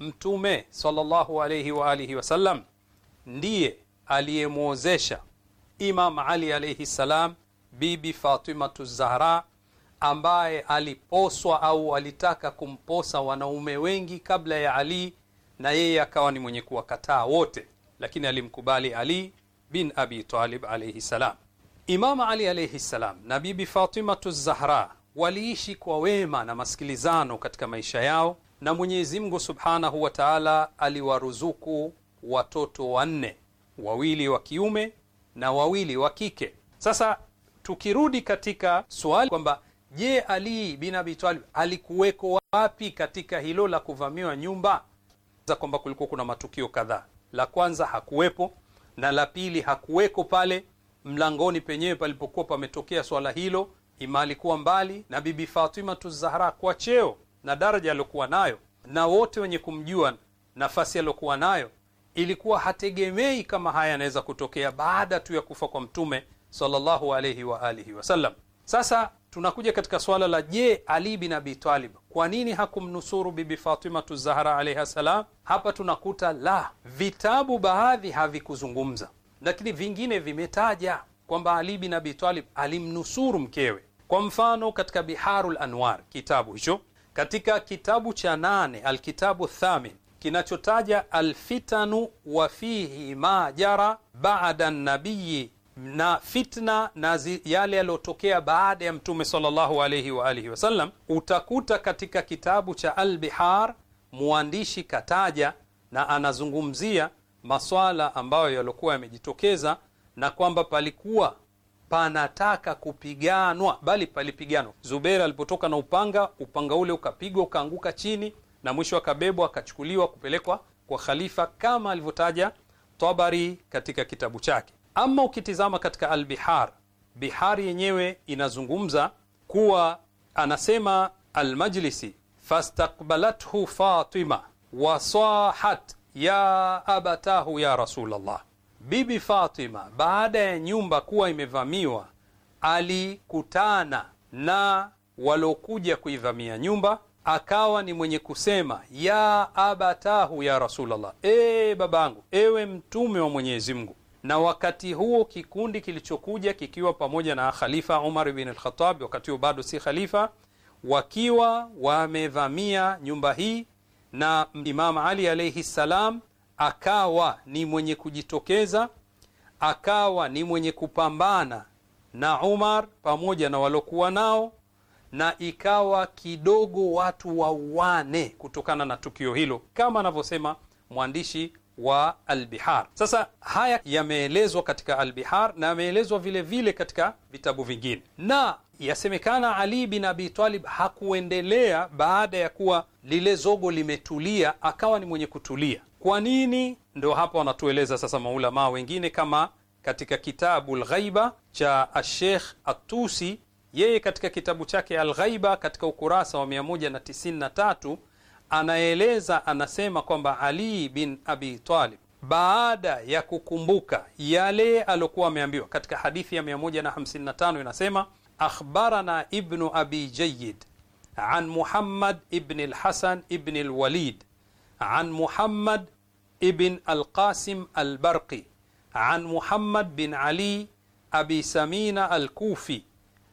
Mtume sallallahu alayhi wa alihi wasallam ndiye aliyemwozesha Imam Ali alayhi salam Bibi Fatimatu Zahra ambaye aliposwa au alitaka kumposa wanaume wengi kabla ya Ali na yeye akawa ni mwenye kuwakataa wote, lakini alimkubali Ali bin Abi Talib alayhi salam. Imam Ali alayhi salam na Bibi Fatimatu Zahra waliishi kwa wema na masikilizano katika maisha yao, na Mwenyezi Mungu Subhanahu wa Ta'ala aliwaruzuku watoto wanne, wawili wa kiume na wawili wa kike. Sasa tukirudi katika swali kwamba Je, Ali bin Abi Talib alikuweko wapi katika hilo la kuvamiwa nyumba? za Kwamba kulikuwa kuna matukio kadhaa. La kwanza hakuwepo, na la pili hakuweko pale mlangoni penyewe palipokuwa pametokea swala hilo. Ima alikuwa mbali na Bibi Fatima Tuzahra kwa cheo na daraja aliyokuwa nayo na wote wenye kumjua nafasi aliyokuwa nayo, ilikuwa hategemei kama haya yanaweza kutokea baada tu ya kufa kwa Mtume sallallahu alayhi wa alihi wasallam. Sasa tunakuja katika swala la je, Ali bin Abi Talib kwa nini hakumnusuru Bibi Fatimatu Zahra alaihi salam? Hapa tunakuta la vitabu baadhi havikuzungumza, lakini vingine vimetaja kwamba Ali bin Abi Talib alimnusuru mkewe. Kwa mfano katika biharu lanwar kitabu hicho katika kitabu cha nane, Alkitabu Thamin, kinachotaja alfitanu wa fihi ma jara baada nabiyi na fitna na zi, yale yaliyotokea baada ya Mtume sallallahu alayhi wa alihi wasallam, utakuta katika kitabu cha Albihar mwandishi kataja na anazungumzia maswala ambayo yaliokuwa yamejitokeza na kwamba palikuwa panataka kupiganwa, bali palipiganwa. Zubeir alipotoka na upanga, upanga ule ukapigwa ukaanguka chini, na mwisho akabebwa akachukuliwa kupelekwa kwa khalifa, kama alivyotaja Tabari katika kitabu chake. Ama ukitizama katika Albihar, Bihar yenyewe inazungumza kuwa anasema Almajlisi, fastakbalathu Fatima wasahat ya abatahu ya Rasulullah. Bibi Fatima baada ya nyumba kuwa imevamiwa, alikutana na waliokuja kuivamia nyumba, akawa ni mwenye kusema ya abatahu ya Rasulullah, e babangu, ewe mtume wa Mwenyezi Mungu na wakati huo kikundi kilichokuja kikiwa pamoja na Khalifa Umar bin al wakati huo bado si khalifa, wakiwa wamevamia nyumba hii, na Imam Ali alaihi salam akawa ni mwenye kujitokeza, akawa ni mwenye kupambana na Umar pamoja na waliokuwa nao, na ikawa kidogo watu wauane kutokana na tukio hilo, kama anavyosema mwandishi wa albihar. Sasa haya yameelezwa katika albihar na yameelezwa vile vile katika vitabu vingine, na yasemekana Ali bin Abi Talib hakuendelea baada ya kuwa lile zogo limetulia, akawa ni mwenye kutulia. Kwa nini? Ndo hapa wanatueleza sasa maulamaa wengine kama katika kitabu lghaiba cha Ashekh Atusi, yeye katika kitabu chake Alghaiba katika ukurasa wa 193 anaeleza anasema kwamba Ali bin Abi Talib baada ya kukumbuka yale aliokuwa ameambiwa katika hadithi ya 155 inasema akhbarana ibnu abi jayid an Muhammad ibn lhasan ibn lwalid an Muhammad ibn alqasim albarqi an Muhammad bin Ali abi Samina alkufi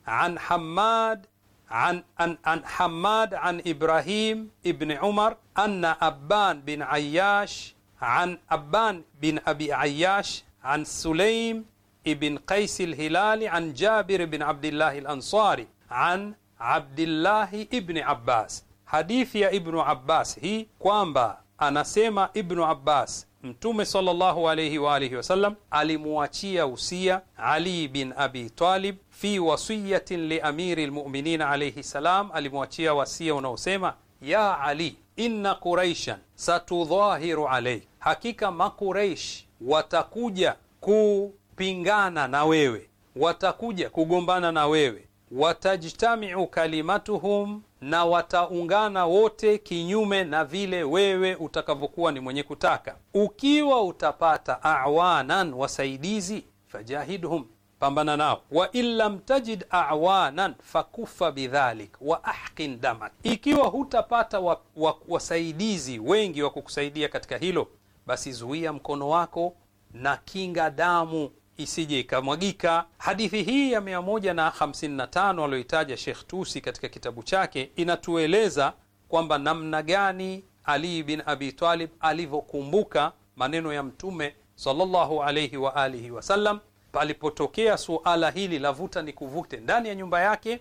an Hammad عن, عن, عن حماد عن إبراهيم ابن عمر أن أبان بن عياش عن أبان بن أبي عياش عن سليم ابن قيس الهلالي عن جابر بن عبد الله الأنصاري عن عبد الله ابن عباس حديث يا ابن عباس هي كوامبا انا سيما ابن عباس Mtume sallallahu alayhi wa alihi wasallam alimuachia usia Ali bin Abi Talib fi wasiyatin li lmuminin alayhi salam, alimuachia wasia unaosema: ya Ali, inna quraishan satudhahiru alayk, hakika makuraish watakuja kupingana na wewe, watakuja kugombana na wewe, watajtamiu kalimatuhum na wataungana wote kinyume na vile wewe utakavyokuwa ni mwenye kutaka. Ukiwa utapata awanan, wasaidizi, fajahidhum, pambana nao. Wa in lam tajid awanan fakufa bidhalik wa ahqin damak, ikiwa hutapata wa, wa, wasaidizi wengi wa kukusaidia katika hilo, basi zuia mkono wako na kinga damu isije ikamwagika. Hadithi hii ya 155 aliyoitaja Sheikh Tusi katika kitabu chake inatueleza kwamba namna gani Ali bin Abi Talib alivyokumbuka maneno ya Mtume sallallahu alayhi wa alihi wasallam palipotokea suala hili la vuta ni kuvute ndani ya nyumba yake,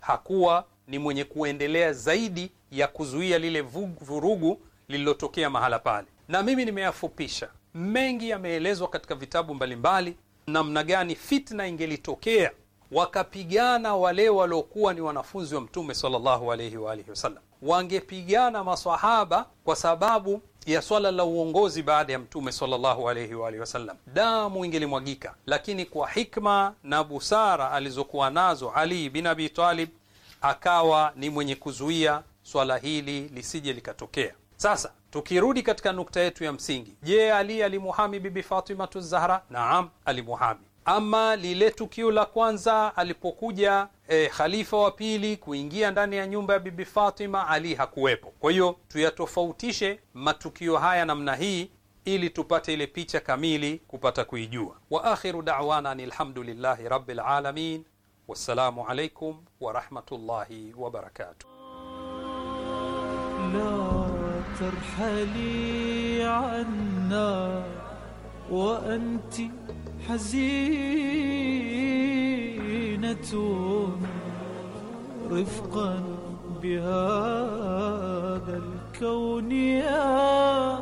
hakuwa ni mwenye kuendelea zaidi ya kuzuia lile vurugu lililotokea mahala pale, na mimi nimeyafupisha mengi yameelezwa katika vitabu mbalimbali, namna gani fitna ingelitokea wakapigana wale waliokuwa ni wanafunzi wa Mtume sallallahu wa alihi wasallam, wangepigana masahaba kwa sababu ya swala la uongozi baada ya Mtume sallallahu wa alihi wasallam, damu ingelimwagika. Lakini kwa hikma na busara alizokuwa nazo Ali bin Abi Talib akawa ni mwenye kuzuia swala hili lisije likatokea. Sasa tukirudi katika nukta yetu ya msingi, je, Ali alimuhami Bibi Fatimatu Zahra? Naam, alimuhami. Ama lile tukio la kwanza alipokuja e, khalifa wa pili kuingia ndani ya nyumba ya Bibi Fatima, Ali hakuwepo. Kwa hiyo tuyatofautishe matukio haya namna hii ili tupate ile picha kamili kupata kuijua. Wa akhiru da'wana alhamdulillahi rabbil alamin, wassalamu alaikum wa rahmatullahi wa barakatuh. ترحلي عنا وأنت حزينة رفقا بهذا الكون يا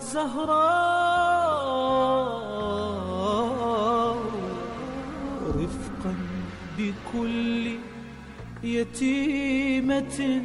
زهراء رفقا بكل يتيمة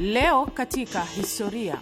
Leo katika historia.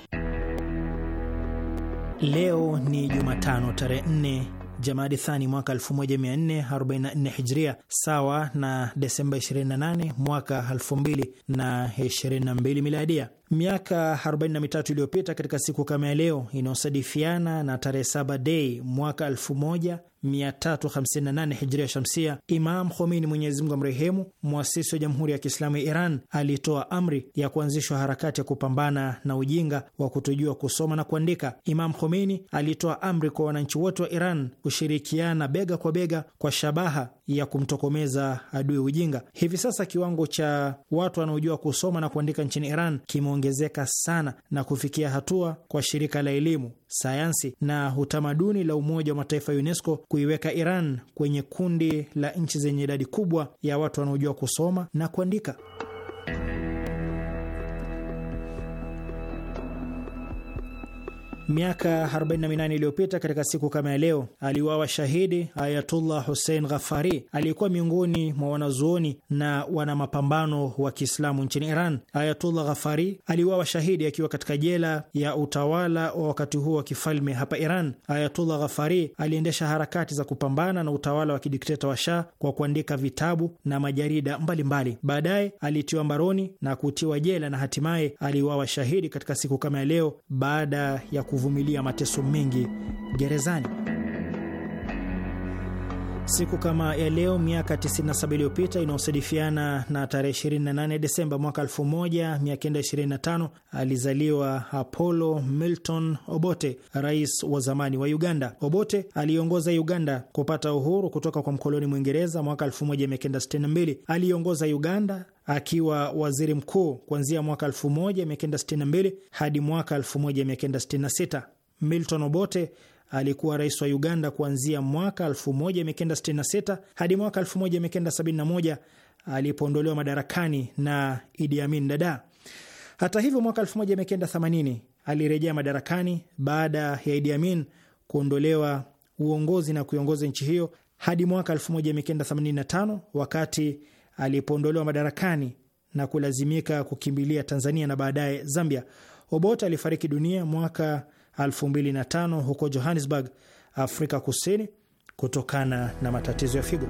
Leo ni Jumatano tarehe 4 Jamadi Thani mwaka 1444 Hijria, sawa na Desemba 28 mwaka 2022 Miladia. Miaka 43 iliyopita katika siku kama ya leo inayosadifiana na tarehe 7 Dei mwaka 1358 hijria shamsia, Imam Khomeini, Mwenyezi Mungu amrehemu, mwasisi wa Jamhuri ya Kiislamu ya Iran, alitoa amri ya kuanzishwa harakati ya kupambana na ujinga wa kutojua kusoma na kuandika. Imam Khomeini alitoa amri kwa wananchi wote wa Iran kushirikiana bega kwa bega kwa shabaha ya kumtokomeza adui ujinga. Hivi sasa kiwango cha watu wanaojua kusoma na kuandika nchini Iran kimo kuongezeka sana na kufikia hatua kwa shirika la elimu, sayansi na utamaduni la Umoja wa Mataifa ya UNESCO kuiweka Iran kwenye kundi la nchi zenye idadi kubwa ya watu wanaojua kusoma na kuandika. Miaka 48 iliyopita katika siku kama ya leo aliuawa shahidi Ayatullah Hussein Ghafari aliyekuwa miongoni mwa wanazuoni na wana mapambano wa Kiislamu nchini Iran. Ayatullah Ghafari aliuawa shahidi akiwa katika jela ya utawala wa wakati huo wa kifalme hapa Iran. Ayatullah Ghafari aliendesha harakati za kupambana na utawala wa kidikteta wa Shah kwa kuandika vitabu na majarida mbalimbali. Baadaye alitiwa mbaroni na kutiwa jela na hatimaye aliuawa shahidi katika siku kama ya leo baada ya ku kuvumilia mateso mengi gerezani. Siku kama ya leo miaka 97 iliyopita inayosadifiana na tarehe 28 Desemba mwaka 1925 alizaliwa Apollo Milton Obote, rais wa zamani wa Uganda. Obote aliongoza Uganda kupata uhuru kutoka kwa mkoloni Mwingereza mwaka 1962. Aliongoza Uganda akiwa waziri mkuu kuanzia mwaka 1962 hadi mwaka 1966. Milton Obote alikuwa rais wa Uganda kuanzia mwaka 1966 hadi mwaka 1971 alipoondolewa madarakani na Idi Amin Dada. Hata hivyo, mwaka 1980 alirejea madarakani baada ya Idi Amin kuondolewa uongozi na kuiongoza nchi hiyo hadi mwaka 1985 wakati alipoondolewa madarakani na kulazimika kukimbilia Tanzania na baadaye Zambia. Obote alifariki dunia mwaka 2005 huko Johannesburg, Afrika Kusini, kutokana na matatizo ya figo.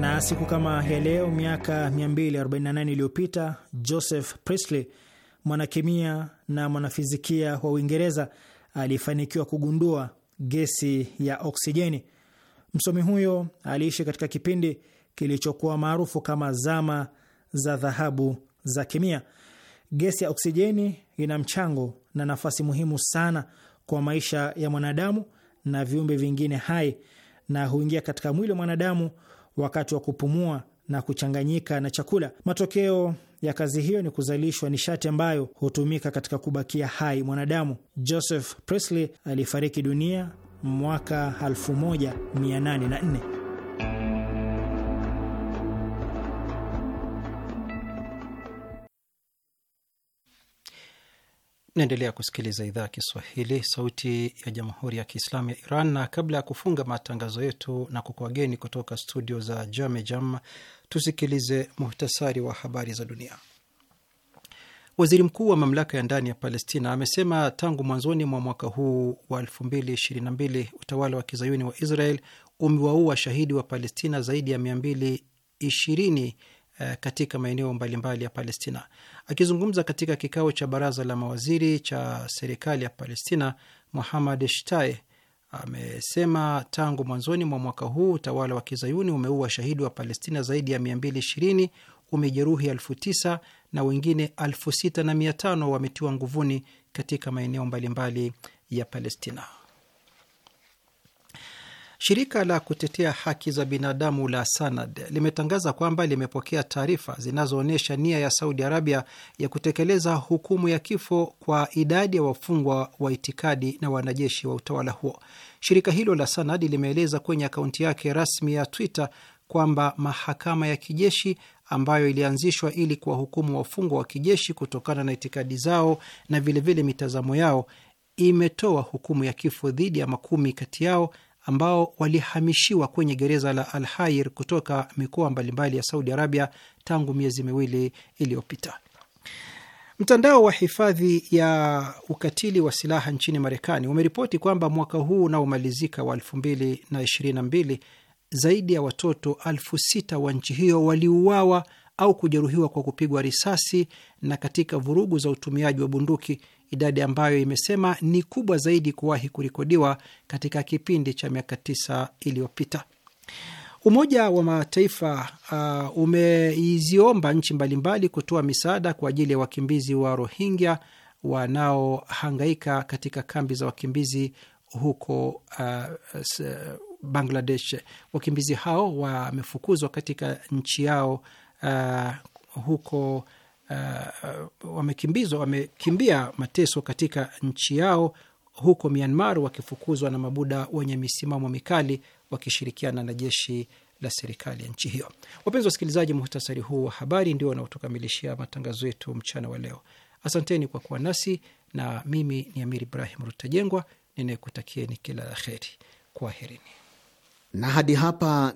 Na siku kama ya leo miaka 248 iliyopita Joseph Priestley, mwanakemia na mwanafizikia wa Uingereza alifanikiwa kugundua gesi ya oksijeni. Msomi huyo aliishi katika kipindi kilichokuwa maarufu kama zama za dhahabu za kemia. Gesi ya oksijeni ina mchango na nafasi muhimu sana kwa maisha ya mwanadamu na viumbe vingine hai, na huingia katika mwili wa mwanadamu wakati wa kupumua na kuchanganyika na chakula. Matokeo ya kazi hiyo ni kuzalishwa nishati ambayo hutumika katika kubakia hai mwanadamu. Joseph Priestley alifariki dunia mwaka 1804. Naendelea kusikiliza idhaa ya Kiswahili, sauti ya jamhuri ya kiislamu ya Iran, na kabla ya kufunga matangazo yetu na kukuageni kutoka studio za Jamejam, tusikilize muhtasari wa habari za dunia. Waziri mkuu wa mamlaka ya ndani ya Palestina amesema tangu mwanzoni mwa mwaka huu wa 2022 utawala wa kizayuni wa Israel umewaua shahidi wa Palestina zaidi ya 220 Eh, katika maeneo mbalimbali ya Palestina. Akizungumza katika kikao cha baraza la mawaziri cha serikali ya Palestina, Muhamad Shtai amesema tangu mwanzoni mwa mwaka huu utawala wa kizayuni umeua shahidi wa Palestina zaidi ya 220, umejeruhi 9 na wengine elfu na wametiwa nguvuni katika maeneo mbalimbali ya Palestina. Shirika la kutetea haki za binadamu la Sanad limetangaza kwamba limepokea taarifa zinazoonyesha nia ya Saudi Arabia ya kutekeleza hukumu ya kifo kwa idadi ya wafungwa wa itikadi na wanajeshi wa utawala huo. Shirika hilo la Sanad limeeleza kwenye akaunti yake rasmi ya Twitter kwamba mahakama ya kijeshi ambayo ilianzishwa ili kuwahukumu wafungwa wa kijeshi kutokana na itikadi zao na vilevile mitazamo yao imetoa hukumu ya kifo dhidi ya makumi kati yao ambao walihamishiwa kwenye gereza la Al Hair kutoka mikoa mbalimbali ya Saudi Arabia tangu miezi miwili iliyopita. Mtandao wa hifadhi ya ukatili wa silaha nchini Marekani umeripoti kwamba mwaka huu unaomalizika wa 2022 zaidi ya watoto elfu sita wa nchi hiyo waliuawa au kujeruhiwa kwa kupigwa risasi na katika vurugu za utumiaji wa bunduki idadi ambayo imesema ni kubwa zaidi kuwahi kurekodiwa katika kipindi cha miaka tisa iliyopita. Umoja wa Mataifa uh, umeiziomba nchi mbalimbali kutoa misaada kwa ajili ya wakimbizi wa Rohingya wanaohangaika katika kambi za wakimbizi huko uh, Bangladesh. Wakimbizi hao wamefukuzwa katika nchi yao uh, huko Uh, uh, wamekimbizwa wamekimbia mateso katika nchi yao huko Myanmar, wakifukuzwa na mabuda wenye misimamo mikali wakishirikiana na jeshi la serikali ya nchi hiyo. Wapenzi wasikilizaji, muhtasari huu wa habari ndio wanaotukamilishia matangazo yetu mchana wa leo. Asanteni kwa kuwa nasi, na mimi ni Amir Ibrahim Rutajengwa ninayekutakieni kila la heri. Kwaherini na hadi hapa.